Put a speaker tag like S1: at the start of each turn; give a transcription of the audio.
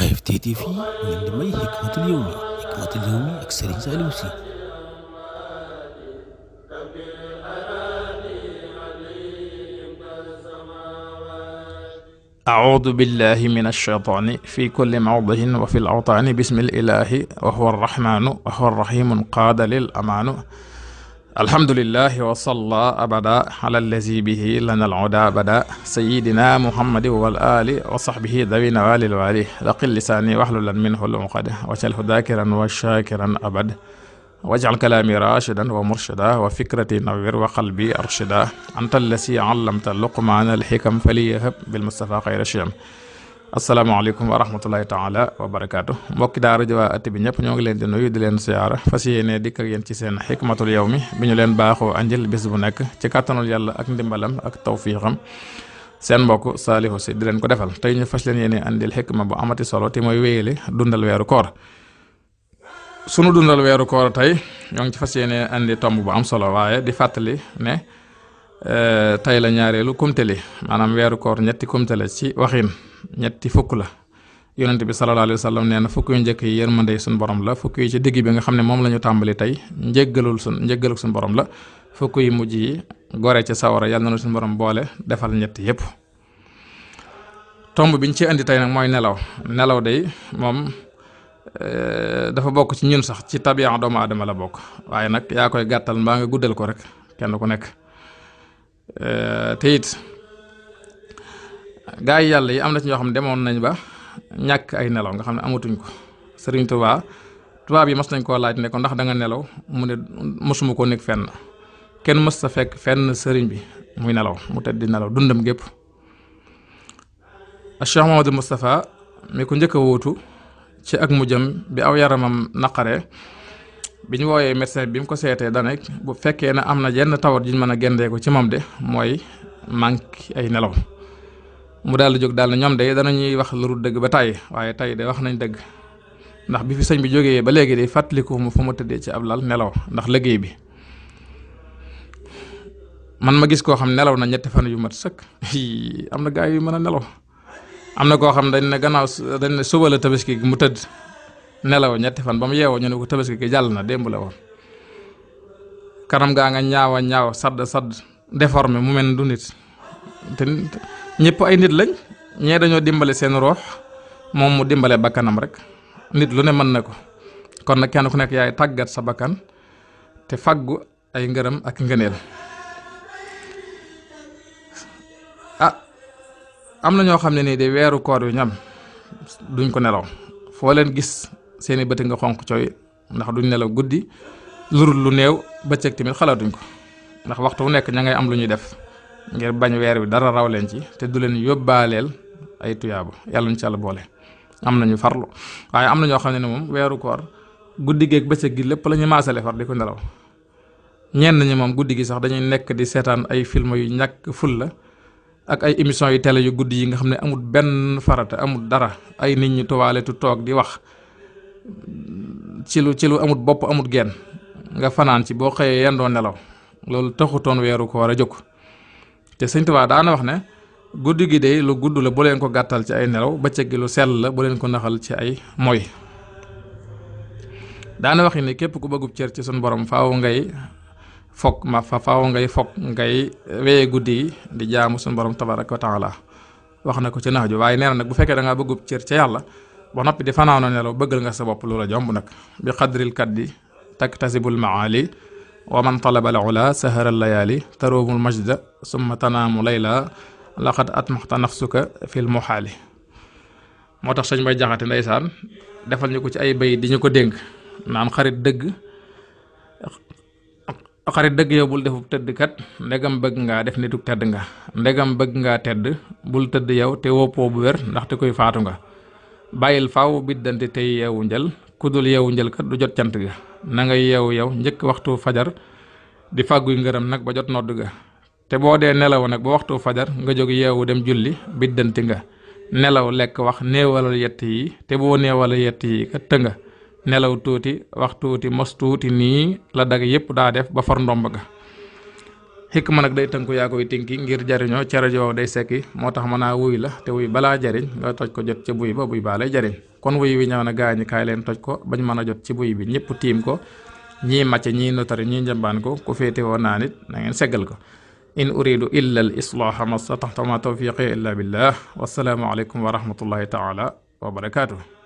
S1: AFT TV mu ngeen di may Hikmatul Yawmi Hikmatul Yawmi ak Serigne Saliou Sy أعوذ بالله من الشيطان في كل موضع وفي الأوطان بسم الإله وهو الرحمن وهو الرحيم قاد للأمان alhamdulilah wa salla abada ala allazi bihi lana alhuda bada sayidina muhammadi wal ali wa sahbihi dawi nawali lwali laqil lisaani waxlulan minhu lmuqad waj'alhu dakiran wa shakiran abad waj'al kalaami rashidan wa murshida wa fikrati nawir wa qalbi arshida anta allazi allamta luqmaana alxikam faliyahab bilmustafa xayra shiyam asalaamaaleykum wa rahmatulahi taala wa barakaatu mbokki daa ji waa at bi ñëpp ñoo ngi leen di nuyu di leen siyaara fas yéene dikk ak yéen ci seen xikmatul yow mi bi ñu leen baaxoo anjil bis bu nekk ci kàttanul yàlla ak ndimbalam ak tawfiixam seen mbokk Saliou Sy di leen ko defal tey ñu fas leen yéene andil xikma bu amati solo ti mooy wéyale dundal weeru koor sunu dundal weeru koor tey ñoo ngi ci fas yéene andi tomb bu am solo waaye di fàttali ne. Euh, tey la ñaareelu kumtali maanaam weeru koor ñetti la ci waxin ñetti fukk la yonent bi sallallahu alayhi wa nee na fukk yu njëkk yi yërmande suñu borom la fukk yi ci digg bi nga xam ne moom la ñu tàmbali tey njëggalul suñ njëggalul suñ borom la fukk yu mujj yi gore ci sawara yàlla na suñ borom boole defal ñetti yépp tomb biñ ci indi tey nag mooy nelaw nelaw day moom euh, dafa bokk ci ñun sax ci tabiya doomu aadama la bokk waaye nag yaa koy gàttal mbaa nga guddal ko rek kenn ku nekk. Eh, te it gaa yi yàlla yi am na ci ñoo xam ne demoon nañ ba ñàkk ay nelaw nga xam ne amatuñ ko Sëriñ Tuubaa tubaab yi mës nañ koo laaj ne ko ndax danga nelaw mu ne mësuma koo nekk fenn kenn mës sa fekk fenn sëriñ bi muy nelaw mu tëdd di nelaw dundam gépp Cheikh Mamadou Moustapha mi ko njëkk a wóotu ci ak mujjam bi aw yaramam naqare bi ñu wooyee médecin bi mu ko seetee dane bu fekkee ne am na jenn tawat juñ mën a gendee ko ci moom de mooy manque ay nelaw mu daal di jóg daal na ñoom de ñuy wax lu dëgg ba tàyyi waaye tey de wax nañ dëgg ndax bi fi sëñ bi jógee ba léegi de fàttaliku mu fu mu tëddee ci ab lal nelaw ndax liggéey bi man ma gis koo xam nelaw na ñetti fan yu mat sëkk am na gaa yu mën a nelaw am na koo xam dañ ne gannaaw dañ ne suba la tabaski mu tëdd nelaw ñetti fan ba mu yeewoo ñu ne ko tabaski gi jàll na démb la woon kanam gaa nga ñaawa ñaaw sadd sadd déformé mu mel du nit ñépp ay nit lañ ñee dañoo dimbale seen roox moom mu dimbale bakkanam rek nit lu ne mën na ko kon nag kenn ku nekk yaay tàggat sa bakkan te faggu ay ngërëm ak ngëneel ah am na ñoo xam ne nii de weeru koor yu ñam duñ ko nelaw foo leen gis seeni bëti nga xonq cooy ndax duñ nelaw guddi lurul lu néew bëccëg tamit xalaatuñ ko ndax waxtu wu nekk ña ngay am lu ñuy def ngir bañ weer bi dara raw leen ci te du leen yóbbaaleel ay tuyaabu yàlla ñu ci yàlla boole am nañu farlu waaye am na ñoo xam ne ne moom weeru koor guddi geeg bëccëg gi lépp la ñu maasale far nelaw ñenn ñi moom guddi gi sax dañuy nekk di seetaan ay film yu ñàkk ful la ak ay émission yu télé yu guddi yi nga xam ne amul benn farata amul dara ay nit ñi tuwaale toog di wax ci lu ci lu amut bopp amut genn nga fanaan ci boo xëyee yendoo nelaw loolu taxutoon weeru ko war a jóg te sëñ Tuubaa daana wax ne guddi gi day lu gudd la bu leen ko gàttal ci ay nelaw bëccëg gi lu sell la bu leen ko naxal ci ay moy daana wax ne képp ku bëggub cër ci suñ borom faaw ngay fokk ma fa faaw ngay fokk ngay weye guddi yi di jaamu suñ borom tabaraka wa taala wax na ko ci nax ju waaye nee na nag bu fekkee dangaa ngaa bëggub cër ca yàlla ba noppi di fanaanoo nelaw bëggal nga sa bopp loola jomb nag bi xadril kaddi takk tasibul maali wa man talaba al ula sahara layaali taroomul majda summa tanaamu layla laqad atmaxta nafsuka fil muxaali moo tax sëñ bay jaxate ndeysaan defal ñu ko ci ay bay di ñu ko dénk naan xarit dëgg xarit dëgg yow bul defub tëdd kat ndegam bëgg ngaa def nituk tedd nga ndegam bëgg ngaa tedd bul tëdd yow te woppoo bu wér ndaxte koy faatu nga bàyyil faw biddante tey yeewu njël kudul yeewu njël kat du jot cant ga na nga yeewu yow njëkk waxtu fajar di fàgguy ngërëm nag ba jot nodd ga te boo dee nelaw nag ba waxtu fajar nga jóg yeewu dem julli biddanti nga nelaw lekk wax néewalal yett yi te boo néewalal yett yi kat të nga nelaw tuuti wax tuuti mos tuuti nii la dagg yépp daa def ba far ndomb ga xikma nag day tënku yaa koy tinki ngir jariñoo ca rajo wow day sekki moo tax mën a wuy la te wuy balaa jariñ nga toj ko jot ca buy ba buy baa lay jariñ kon wuy wi ñëw na gaañi kaay leen toj ko bañ mën a jot ci buy bi ñëpp tiim ko ñii màcc ñii notari ñii njambaan ko ku féete woon naa nit na ngeen seggal ko in uridu illa al islaaha ma stataxta ma tawfiqi illa billah wasalaamu aleykum wa rahmatullahi taala wa barakaatu